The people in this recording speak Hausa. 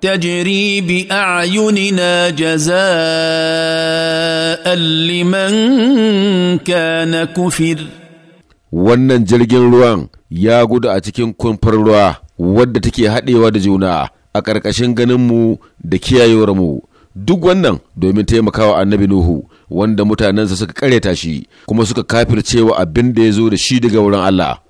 تجري باعيننا جزاء لمن كان كفر wannan jirgin ruwan ya gudu a cikin kumfar ruwa wadda take haɗewa da juna a ƙarƙashin ganinmu da kiyayewar mu. duk wannan domin taimakawa annabi Nuhu wanda mutanensa suka ƙareta shi kuma suka kafircewa abin da ya zo da shi daga wurin Allah.